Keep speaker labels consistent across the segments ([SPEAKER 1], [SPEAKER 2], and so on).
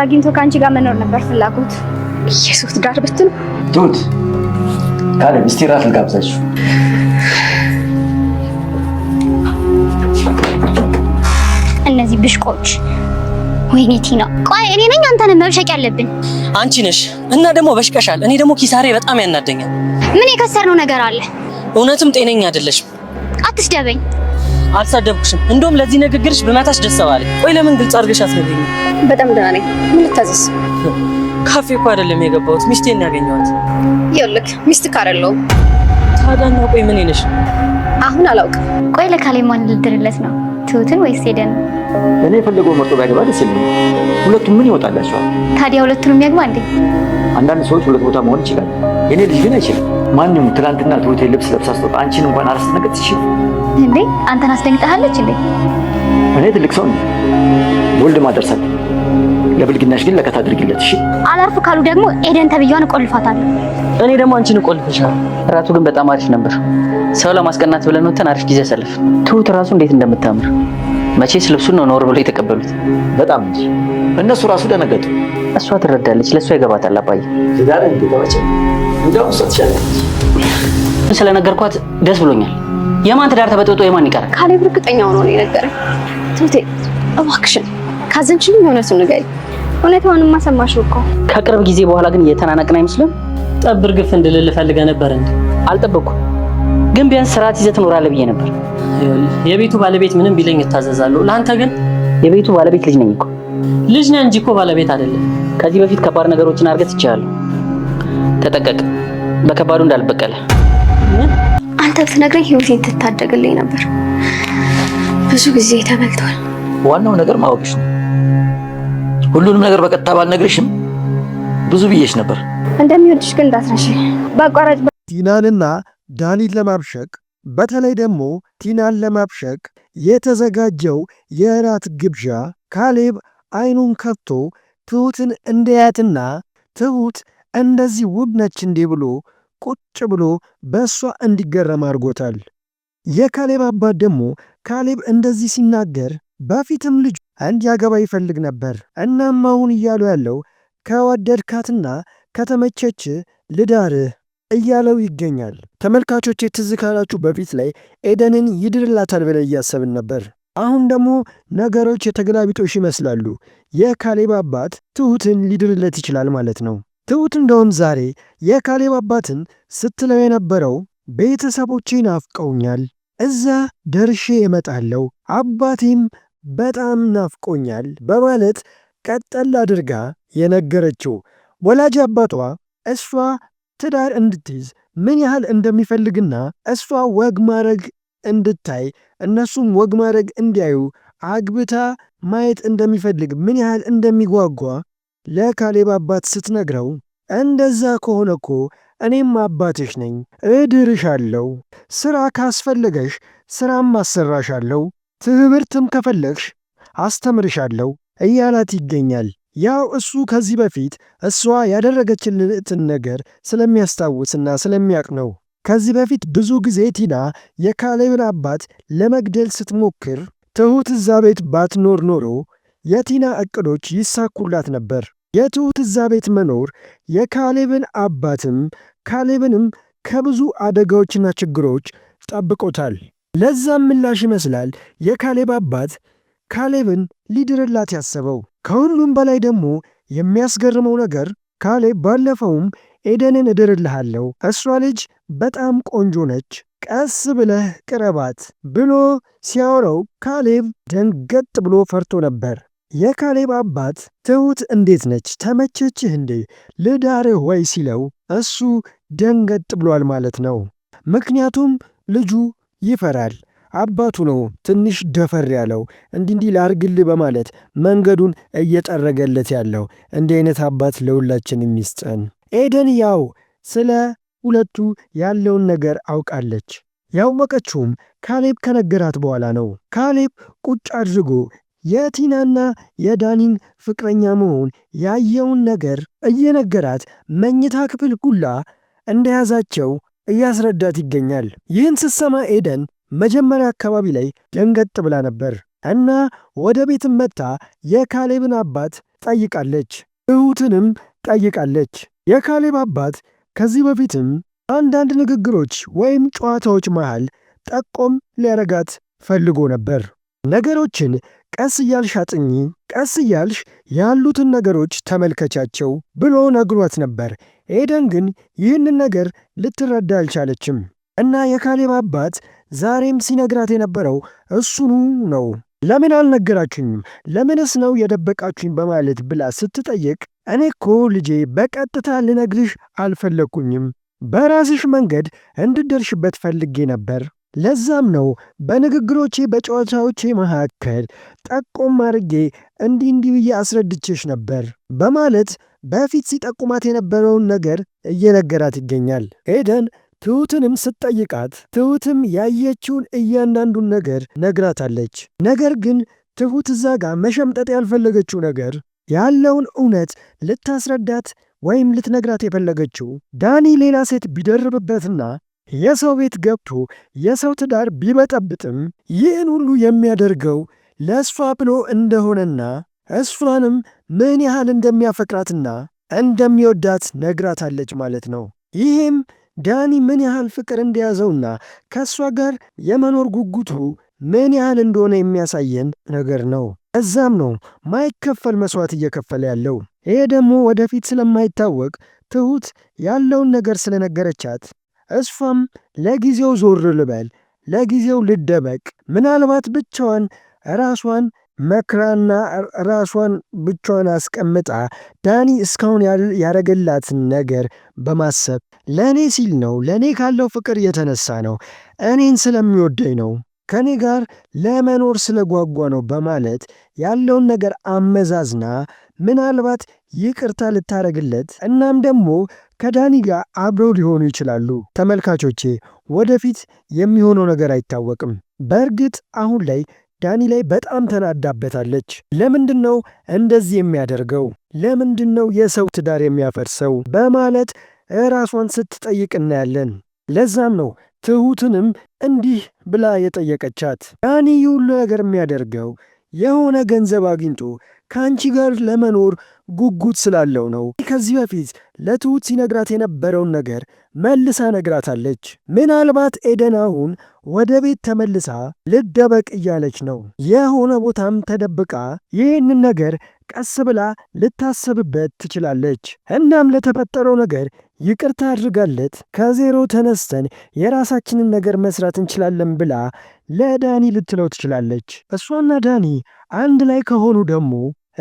[SPEAKER 1] አግኝቶ ከአንቺ ጋር መኖር ነበር ፍላጎት። ኢየሱስ ዳር ብትል ዱድ ካለ እስቲ ልጋብዛችሁ። እነዚህ ብሽቆች። ወይኔ ቲና፣ ቆይ እኔ ነኝ አንተን መብሸቅ ያለብን? አንቺ ነሽ። እና ደግሞ በሽቀሻል። እኔ ደግሞ ኪሳሬ በጣም ያናደኛል። ምን የከሰርነው ነገር አለ? እውነትም ጤነኛ አይደለሽም። አትስደበኝ። አልሳደብኩሽም። እንደውም ለዚህ ንግግርሽ ብመታሽ ደስ ባለኝ። ቆይ ለምን ግልጽ አድርገሽ አትነግሪኝ? በጣም ደህና ነኝ። ምን ልታዘዝ? ካፌ እኮ አይደለም የገባሁት፣ ሚስቴን ያገኘኋት። ይኸውልህ ሚስትህ አይደለሁም። ታዲያና ቆይ ምን ይነሽ? አሁን አላውቅም። ቆይ ለካሌ ማን ልድርለት ነው? ትሁትን ወይስ ሄደን? እኔ የፈለገው መርጦ ቢያገባ ደስ ይለኝ። ሁለቱም ምን ይወጣላቸዋል? ታዲያ ሁለቱንም ያግባ እንዴ? አንዳንድ ሰዎች ሁለት ቦታ መሆን ይችላል። የኔ ልጅ ግን አይችልም። ማንም ትላንትና ትሁቴ ልብስ ለብሳ ስትወጣ አንቺን እንኳን አላስደነገጥሽ እንዴ? አንተን አስደንግጠሃለች እንዴ? እኔ ትልቅ ሰው ነኝ፣ ወልድ ማደርሳት። ለብልግናሽ ግን ለከት አድርጊለት እሺ። አላርፉ ካሉ ደግሞ ኤደን ተብያዋን እቆልፋታለሁ። እኔ ደግሞ አንቺን እቆልፍሻለሁ። ራቱ ግን በጣም አሪፍ ነበር። ሰው ለማስቀናት ብለን ወተን አሪፍ ጊዜ አሳለፍን። ትሁት ራሱ እንዴት እንደምታምር መቼስ ልብሱን ነው ኖር ብሎ የተቀበሉት። በጣም እንጂ እነሱ ራሱ ደነገጡ። እሷ ትረዳለች፣ ለእሷ ይገባታል። አባዬ ትዳር እንዴ እንደውም እሷ ትሻላለች። ስለነገርኳት ደስ ብሎኛል። የማን ትዳር ተበጥብጦ የማን ይቀራል? ካሌብ እርግጠኛ ሆኖ ነው የነገረኝ። ትሁቴ እባክሽን ካዘንችልኝ የእውነቱን ንገሪ። እውነታውንማ ሰማሽው እኮ። ከቅርብ ጊዜ በኋላ ግን እየተናነቅን አይመስልም? ጠብ እርግፍ እንድልል ፈልገህ ነበር እንዴ? አልጠበኩም፣ ግን ቢያንስ ስርዓት ይዘህ ትኖራለህ ብዬ ነበር። የቤቱ ባለቤት ምንም ቢለኝ እታዘዛለሁ። ለአንተ ግን የቤቱ ባለቤት ልጅ ነኝ እኮ። ልጅ ነህ እንጂ እኮ ባለቤት አይደለም። ከዚህ በፊት ከባድ ነገሮችን አድርገህ ትችላለህ። ተጠቀቅ፣ በከባዱ እንዳልበቀለ። አንተ ብትነግረኝ ህይወቴን ትታደግልኝ ነበር። ብዙ ጊዜ ተበልቷል። ዋናው ነገር ማወቅሽ ነው። ሁሉንም ነገር በቀጥታ ባልነግርሽም ብዙ ብዬሽ ነበር። እንደሚወድሽ ግን እንዳትረሽ። በአቋራጭ ቲናንና ዳኒን ለማብሸቅ በተለይ ደግሞ ቲናን ለማብሸቅ የተዘጋጀው የእራት ግብዣ ካሌብ አይኑን ከፍቶ ትሁትን እንደያትና ትሁት እንደዚህ ውብ ነች እንዴ ብሎ ቁጭ ብሎ በእሷ እንዲገረም አድርጎታል። የካሌብ አባት ደግሞ ካሌብ እንደዚህ ሲናገር በፊትም ልጁ እንዲያገባ ይፈልግ ነበር። እናም አሁን እያሉ ያለው ከወደድካትና ከተመቸች ልዳርህ እያለው ይገኛል። ተመልካቾች ትዝ ካላችሁ በፊት ላይ ኤደንን ይድርላታል ብለን እያሰብን ነበር። አሁን ደግሞ ነገሮች የተገላቢጦሽ ይመስላሉ። የካሌብ አባት ትሁትን ሊድርለት ይችላል ማለት ነው። ትሁት እንደውም ዛሬ የካሌብ አባትን ስትለው የነበረው ቤተሰቦቼ ናፍቀውኛል፣ እዛ ደርሼ እመጣለሁ፣ አባቴም በጣም ናፍቆኛል በማለት ቀጠል አድርጋ የነገረችው ወላጅ አባቷ እሷ ትዳር እንድትይዝ ምን ያህል እንደሚፈልግና እሷ ወግ ማድረግ እንድታይ እነሱም ወግ ማድረግ እንዲያዩ አግብታ ማየት እንደሚፈልግ ምን ያህል እንደሚጓጓ ለካሌብ አባት ስትነግረው እንደዛ ከሆነ እኮ እኔም አባትሽ ነኝ፣ እድርሻለሁ፣ ሥራ ካስፈለገሽ ሥራም አሰራሻለሁ፣ ትምህርትም ከፈለግሽ አስተምርሻለሁ እያላት ይገኛል። ያው እሱ ከዚህ በፊት እሷ ያደረገችልትን ነገር ስለሚያስታውስና ስለሚያውቅ ነው። ከዚህ በፊት ብዙ ጊዜ ቲና የካሌብን አባት ለመግደል ስትሞክር ትሁት እዛ ቤት ባትኖር ኖሮ የቲና ዕቅዶች ይሳኩላት ነበር። የትሑት እዛ ቤት መኖር የካሌብን አባትም ካሌብንም ከብዙ አደጋዎችና ችግሮች ጠብቆታል። ለዛም ምላሽ ይመስላል የካሌብ አባት ካሌብን ሊድርላት ያሰበው። ከሁሉም በላይ ደግሞ የሚያስገርመው ነገር ካሌብ ባለፈውም ኤደንን እድርልሃለሁ፣ እሷ ልጅ በጣም ቆንጆ ነች፣ ቀስ ብለህ ቅረባት ብሎ ሲያወራው ካሌብ ደንገጥ ብሎ ፈርቶ ነበር። የካሌብ አባት ትሁት እንዴት ነች? ተመቸችህ እንዴ? ልዳርህ ወይ ሲለው እሱ ደንገጥ ብሏል ማለት ነው። ምክንያቱም ልጁ ይፈራል። አባቱ ነው ትንሽ ደፈር ያለው እንዲህ እንዲህ ላርግልህ በማለት መንገዱን እየጠረገለት ያለው። እንዲህ አይነት አባት ለሁላችን የሚስጠን። ኤደን ያው ስለ ሁለቱ ያለውን ነገር አውቃለች። ያወቀችውም ካሌብ ከነገራት በኋላ ነው። ካሌብ ቁጭ አድርጎ የቲናና የዳኒን ፍቅረኛ መሆን ያየውን ነገር እየነገራት መኝታ ክፍል ሁላ እንደያዛቸው እያስረዳት ይገኛል። ይህን ስትሰማ ኤደን መጀመሪያ አካባቢ ላይ ደንገጥ ብላ ነበር እና ወደ ቤትም መጥታ የካሌብን አባት ጠይቃለች፣ እሁትንም ጠይቃለች። የካሌብ አባት ከዚህ በፊትም አንዳንድ ንግግሮች ወይም ጨዋታዎች መሃል ጠቆም ሊያረጋት ፈልጎ ነበር። ነገሮችን ቀስ እያልሽ አጥኚ፣ ቀስ እያልሽ ያሉትን ነገሮች ተመልከቻቸው ብሎ ነግሯት ነበር። ኤደን ግን ይህንን ነገር ልትረዳ አልቻለችም እና የካሌብ አባት ዛሬም ሲነግራት የነበረው እሱኑ ነው። ለምን አልነገራችሁኝም? ለምንስ ነው የደበቃችሁኝ? በማለት ብላ ስትጠይቅ እኔ እኮ ልጄ በቀጥታ ልነግርሽ አልፈለግኩኝም፣ በራስሽ መንገድ እንድደርሽበት ፈልጌ ነበር ለዛም ነው በንግግሮቼ በጨዋታዎቼ መካከል ጠቆም አድርጌ እንዲህ እንዲህ ብዬ አስረድቼሽ ነበር በማለት በፊት ሲጠቁማት የነበረውን ነገር እየነገራት ይገኛል። ኤደን ትሁትንም ስትጠይቃት ትሁትም ያየችውን እያንዳንዱን ነገር ነግራታለች። ነገር ግን ትሁት እዛ ጋር መሸምጠጥ ያልፈለገችው ነገር ያለውን እውነት ልታስረዳት ወይም ልትነግራት የፈለገችው ዳኒ ሌላ ሴት ቢደርብበትና የሰው ቤት ገብቶ የሰው ትዳር ቢበጠብጥም ይህን ሁሉ የሚያደርገው ለእሷ ብሎ እንደሆነና እሷንም ምን ያህል እንደሚያፈቅራትና እንደሚወዳት ነግራታለች ማለት ነው። ይህም ዳኒ ምን ያህል ፍቅር እንደያዘውና ከእሷ ጋር የመኖር ጉጉቱ ምን ያህል እንደሆነ የሚያሳየን ነገር ነው። እዛም ነው ማይከፈል መስዋዕት እየከፈለ ያለው። ይሄ ደግሞ ወደፊት ስለማይታወቅ ትሁት ያለውን ነገር ስለነገረቻት እሷም ለጊዜው ዞር ልበል፣ ለጊዜው ልደበቅ፣ ምናልባት ብቻዋን ራሷን መክራና ራሷን ብቻዋን አስቀምጣ ዳኒ እስካሁን ያደረገላትን ነገር በማሰብ ለእኔ ሲል ነው፣ ለእኔ ካለው ፍቅር የተነሳ ነው፣ እኔን ስለሚወደኝ ነው፣ ከእኔ ጋር ለመኖር ስለጓጓ ነው በማለት ያለውን ነገር አመዛዝና ምናልባት ይቅርታ ልታደረግለት እናም ደግሞ ከዳኒ ጋር አብረው ሊሆኑ ይችላሉ። ተመልካቾቼ ወደፊት የሚሆነው ነገር አይታወቅም። በእርግጥ አሁን ላይ ዳኒ ላይ በጣም ተናዳበታለች። ለምንድን ነው እንደዚህ የሚያደርገው? ለምንድን ነው የሰው ትዳር የሚያፈርሰው? በማለት ራሷን ስትጠይቅ እናያለን። ለዛም ነው ትሁትንም እንዲህ ብላ የጠየቀቻት ዳኒ ሁሉ ነገር የሚያደርገው የሆነ ገንዘብ አግኝቶ ከአንቺ ጋር ለመኖር ጉጉት ስላለው ነው። ከዚህ በፊት ለትሁት ሲነግራት የነበረውን ነገር መልሳ ነግራታለች። ምናልባት ኤደን አሁን ወደ ቤት ተመልሳ ልደበቅ እያለች ነው። የሆነ ቦታም ተደብቃ ይህንን ነገር ቀስ ብላ ልታሰብበት ትችላለች። እናም ለተፈጠረው ነገር ይቅርታ አድርጋለት ከዜሮ ተነስተን የራሳችንን ነገር መስራት እንችላለን ብላ ለዳኒ ልትለው ትችላለች። እሷና ዳኒ አንድ ላይ ከሆኑ ደግሞ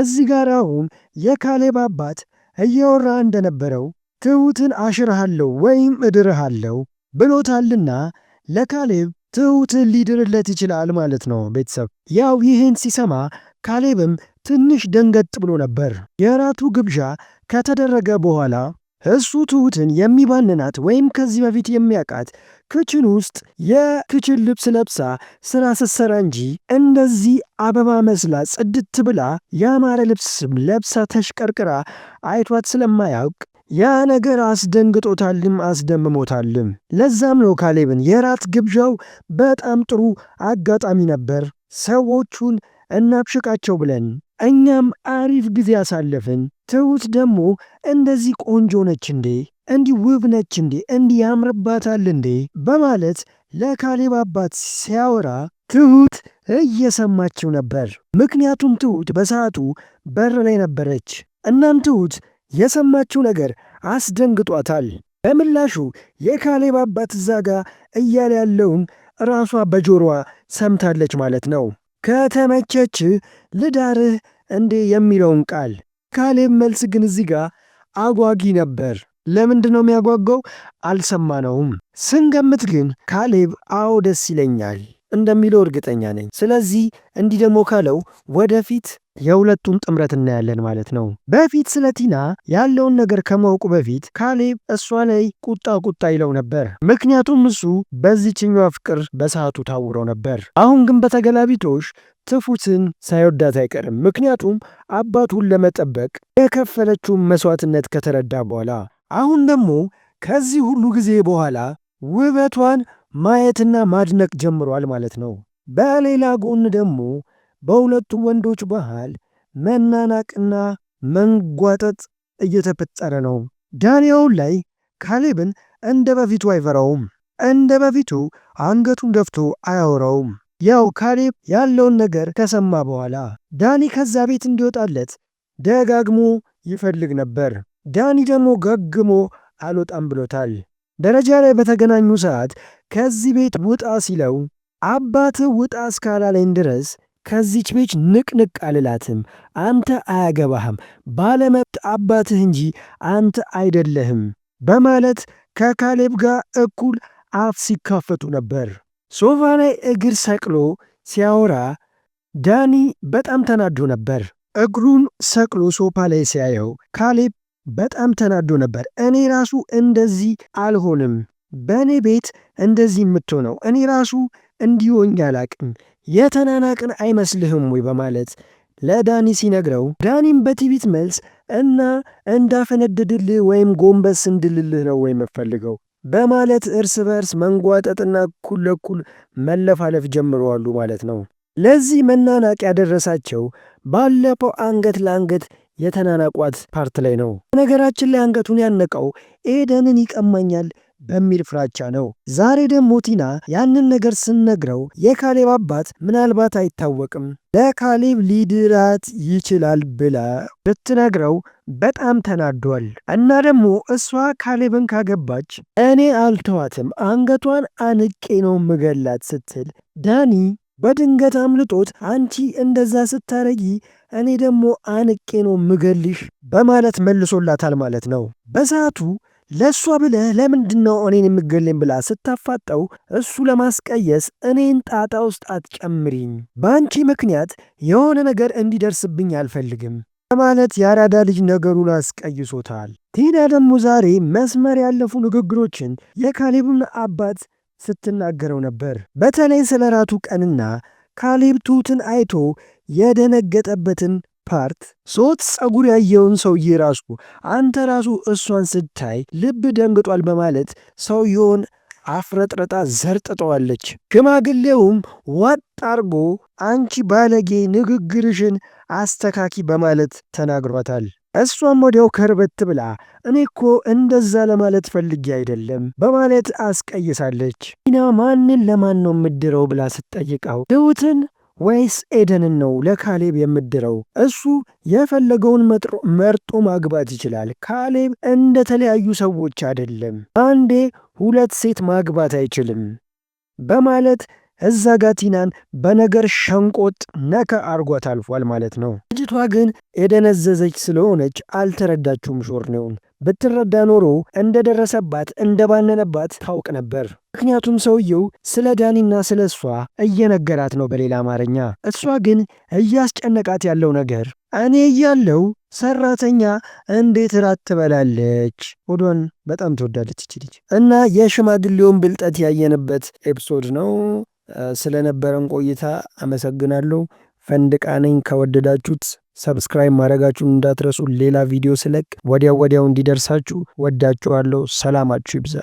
[SPEAKER 1] እዚህ ጋር አሁን የካሌብ አባት እየወራ እንደነበረው ትሁትን አሽርሃለሁ ወይም እድርሃለሁ ብሎታልና ለካሌብ ትሁትን ሊድርለት ይችላል ማለት ነው። ቤተሰብ ያው ይህን ሲሰማ ካሌብም ትንሽ ደንገጥ ብሎ ነበር። የእራቱ ግብዣ ከተደረገ በኋላ እሱ ትሁትን የሚባንናት ወይም ከዚህ በፊት የሚያውቃት ክችን ውስጥ የክችን ልብስ ለብሳ ስራ ስትሰራ እንጂ እንደዚህ አበባ መስላ ጽድት ብላ ያማረ ልብስ ለብሳ ተሽቀርቅራ አይቷት ስለማያውቅ ያ ነገር አስደንግጦታልም አስደምሞታልም። ለዛም ነው ካሌብን የራት ግብዣው በጣም ጥሩ አጋጣሚ ነበር፣ ሰዎቹን እናብሽቃቸው ብለን እኛም አሪፍ ጊዜ አሳለፍን። ትሁት ደግሞ እንደዚህ ቆንጆ ነች እንዴ? እንዲህ ውብ ነች እንዴ? እንዲህ ያምርባታል እንዴ? በማለት ለካሌብ አባት ሲያወራ ትሁት እየሰማችው ነበር። ምክንያቱም ትሁት በሰዓቱ በር ላይ ነበረች። እናም ትሁት የሰማችው ነገር አስደንግጧታል። በምላሹ የካሌብ አባት እዛ ጋ እያለ ያለውን ራሷ በጆሮዋ ሰምታለች ማለት ነው። ከተመቸች ልዳርህ እንዴ የሚለውን ቃል ካሌብ መልስ ግን እዚህ ጋር አጓጊ ነበር። ለምንድን ነው የሚያጓጓው? አልሰማነውም። ስንገምት ግን ካሌብ አዎ ደስ ይለኛል እንደሚለው እርግጠኛ ነኝ። ስለዚህ እንዲህ ደግሞ ካለው ወደፊት የሁለቱን ጥምረት እናያለን ማለት ነው። በፊት ስለ ቲና ያለውን ነገር ከማወቁ በፊት ካሌብ እሷ ላይ ቁጣ ቁጣ ይለው ነበር። ምክንያቱም እሱ በዚችኛዋ ፍቅር በሰዓቱ ታውሮ ነበር። አሁን ግን በተገላቢጦሽ ትፉትን ሳይወዳት አይቀርም። ምክንያቱም አባቱን ለመጠበቅ የከፈለችውን መስዋዕትነት ከተረዳ በኋላ አሁን ደግሞ ከዚህ ሁሉ ጊዜ በኋላ ውበቷን ማየትና ማድነቅ ጀምሯል ማለት ነው። በሌላ ጎን ደግሞ በሁለቱ ወንዶች ባህል መናናቅና መንጓጠጥ እየተፈጠረ ነው። ዳኒ ላይ ካሌብን እንደ በፊቱ አይፈራውም። እንደ በፊቱ አንገቱን ደፍቶ አያወራውም። ያው ካሌብ ያለውን ነገር ከሰማ በኋላ ዳኒ ከዛ ቤት እንዲወጣለት ደጋግሞ ይፈልግ ነበር። ዳኒ ደግሞ ገግሞ አልወጣም ብሎታል። ደረጃ ላይ በተገናኙ ሰዓት ከዚህ ቤት ውጣ ሲለው አባት ውጣ እስካላለኝ ድረስ ከዚች ቤች ንቅንቅ አልላትም፣ አንተ አያገባህም፣ ባለመብት አባትህ እንጂ አንተ አይደለህም በማለት ከካሌብ ጋር እኩል አፍ ሲካፈቱ ነበር። ሶፋ ላይ እግር ሰቅሎ ሲያወራ ዳኒ በጣም ተናዶ ነበር። እግሩን ሰቅሎ ሶፋ ላይ ሲያየው ካሌብ በጣም ተናዶ ነበር። እኔ ራሱ እንደዚህ አልሆንም፣ በእኔ ቤት እንደዚህ የምትሆነው እኔ ራሱ እንዲሆኝ አላቅም፣ የተናናቅን አይመስልህም ወይ በማለት ለዳኒ ሲነግረው ዳኒም በትዕቢት መልስ እና እንዳፈነድድልህ ወይም ጎንበስ እንድልልህ ነው ወይ የምፈልገው በማለት እርስ በርስ መንጓጠጥና እኩል ለእኩል መለፋለፍ ጀምረዋሉ ማለት ነው። ለዚህ መናናቅ ያደረሳቸው ባለፈው አንገት ለአንገት የተናናቋት ፓርት ላይ ነው። ነገራችን ላይ አንገቱን ያነቀው ኤደንን ይቀማኛል በሚል ፍራቻ ነው። ዛሬ ደግሞ ቲና ያንን ነገር ስነግረው የካሌብ አባት ምናልባት አይታወቅም ለካሌብ ሊድራት ይችላል ብላ ብትነግረው በጣም ተናዷል። እና ደግሞ እሷ ካሌብን ካገባች እኔ አልተዋትም አንገቷን አንቄ ነው ምገላት ስትል ዳኒ በድንገት አምልጦት አንቺ እንደዛ ስታረጊ እኔ ደግሞ አንቄ ነው ምገልሽ በማለት መልሶላታል ማለት ነው በሰዓቱ ለእሷ ብለህ ለምንድን ነው እኔን የምገለኝ ብላ ስታፋጠው እሱ ለማስቀየስ እኔን ጣጣ ውስጥ አትጨምሪኝ፣ በአንቺ ምክንያት የሆነ ነገር እንዲደርስብኝ አልፈልግም በማለት የአራዳ ልጅ ነገሩን አስቀይሶታል። ቲና ደግሞ ዛሬ መስመር ያለፉ ንግግሮችን የካሌብን አባት ስትናገረው ነበር። በተለይ ስለ ራቱ ቀንና ካሌብ ትሁትን አይቶ የደነገጠበትን ፓርት ሶት ጸጉር ያየውን ሰውዬ ራሱ አንተ ራሱ እሷን ስታይ ልብ ደንግጧል በማለት ሰውየውን አፍረጥረጣ ዘርጥጠዋለች። ሽማግሌውም ዋጥ አርጎ አንቺ ባለጌ ንግግርሽን አስተካኪ በማለት ተናግሯታል። እሷም ወዲያው ከርበት ብላ እኔ እኮ እንደዛ ለማለት ፈልጌ አይደለም በማለት አስቀይሳለች። ኢና ማንን ለማን ነው የምድረው ብላ ስትጠይቀው ትሁትን ወይስ ኤደንን ነው ለካሌብ የምድረው? እሱ የፈለገውን መርጦ ማግባት ይችላል። ካሌብ እንደ ተለያዩ ሰዎች አይደለም፣ አንዴ ሁለት ሴት ማግባት አይችልም በማለት እዛ ጋ ቲናን በነገር ሸንቆጥ ነከ አርጓት አልፏል ማለት ነው። ልጅቷ ግን የደነዘዘች ስለሆነች አልተረዳችውም። ሾርኔውን ብትረዳ ኖሮ እንደደረሰባት እንደባነነባት ታውቅ ነበር። ምክንያቱም ሰውየው ስለ ዳኒና ስለ እሷ እየነገራት ነው በሌላ አማርኛ። እሷ ግን እያስጨነቃት ያለው ነገር እኔ እያለው ሰራተኛ እንዴት ራት ትበላለች? ሆዷን በጣም ትወዳለች ይችልች እና የሽማግሌውን ብልጠት ያየንበት ኤፒሶድ ነው። ስለነበረን ቆይታ አመሰግናለሁ። ፈንድቃ ነኝ። ከወደዳችሁት ሰብስክራይብ ማድረጋችሁን እንዳትረሱ። ሌላ ቪዲዮ ስለቅ ወዲያው ወዲያው እንዲደርሳችሁ ወዳችኋለሁ። ሰላማችሁ ይብዛ።